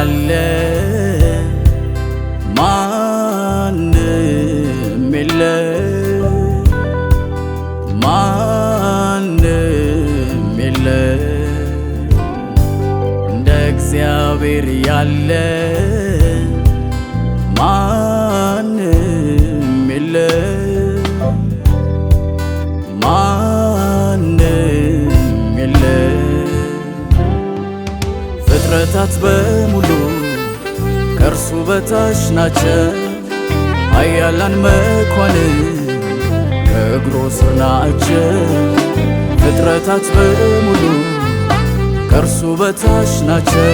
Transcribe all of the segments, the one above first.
ያለ ማንም የለ ማንም የለ እንደ እግዚአብሔር ያለ ፍጥረታት በሙሉ ከእርሱ በታች ናቸው። አያላን መኳን ከእግሩ ስር ናቸው። ፍጥረታት በሙሉ ከእርሱ በታች ናቸው።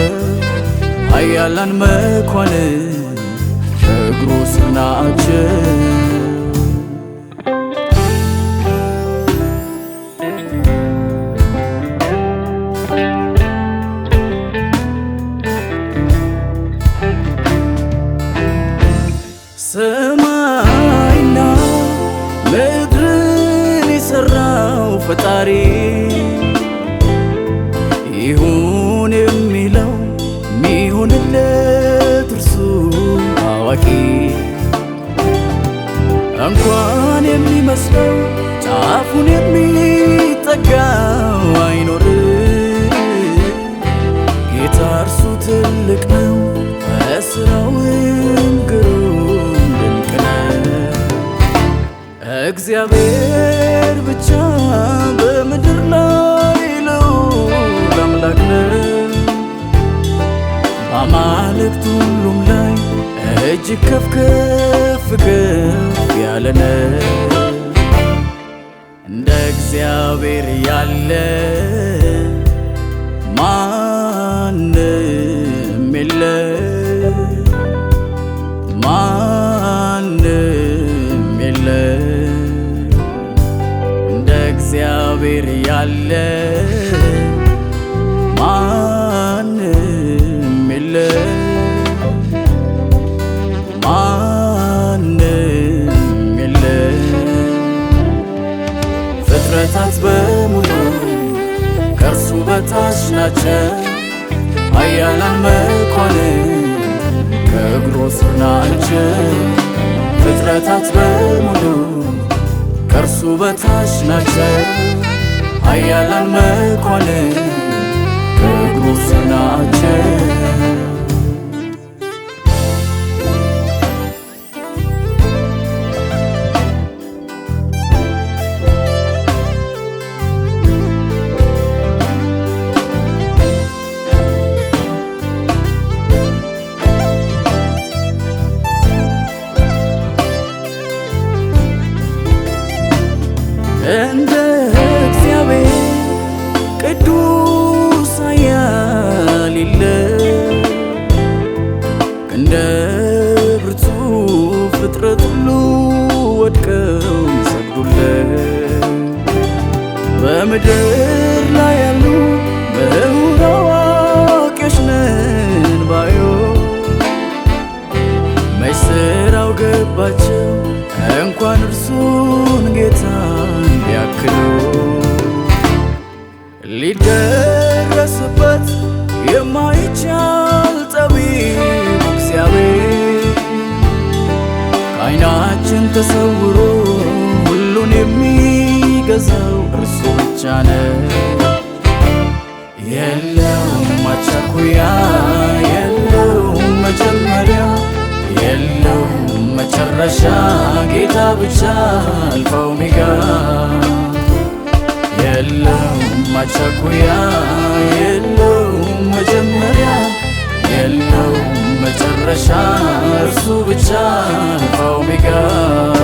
አያላን መኳን ከእግሩ ስር ና እግዚአብሔር ብቻ በምድር ላይ ነው አምላክ ነው። በአማልክት ሁሉም ላይ እጅግ ከፍ ከፍ ከፍ ያለ ነው። እንደ እግዚአብሔር ያለ ማንም የለም። እግዚአብሔር ያለ ማንም የለ ማንም የለ ፍጥረታት በሙሉ ከእርሱ በታች ናቸው ኃያላን መኳንንት ከእግሩ ስር ናቸው ፍጥረታት በሙሉ ከእርሱ በታች ናቸው አያላን መኳንን እግሩ ስናቸው ሳያሌለ እንደ ብርቱ ፍጥረት ሁሉ ወድቀው ይሰግዱለት በምድር ላይ ያሉ ምሁራን አዋቂዎች ነን ባዮ መች ስራው ገባቸው ተሰውሮ ሁሉን የሚገዛው እርሱ ብቻ ነው። የለውም ማቻኩያ፣ የለውም መጀመሪያ፣ የለውም መጨረሻ ጌታ ብቻ አልፋ ኦሜጋ። የለውም ማቻኩያ፣ የለውም መጀመሪያ፣ የለውም መጨረሻ እርሱ ብቻ ነው የሚቀር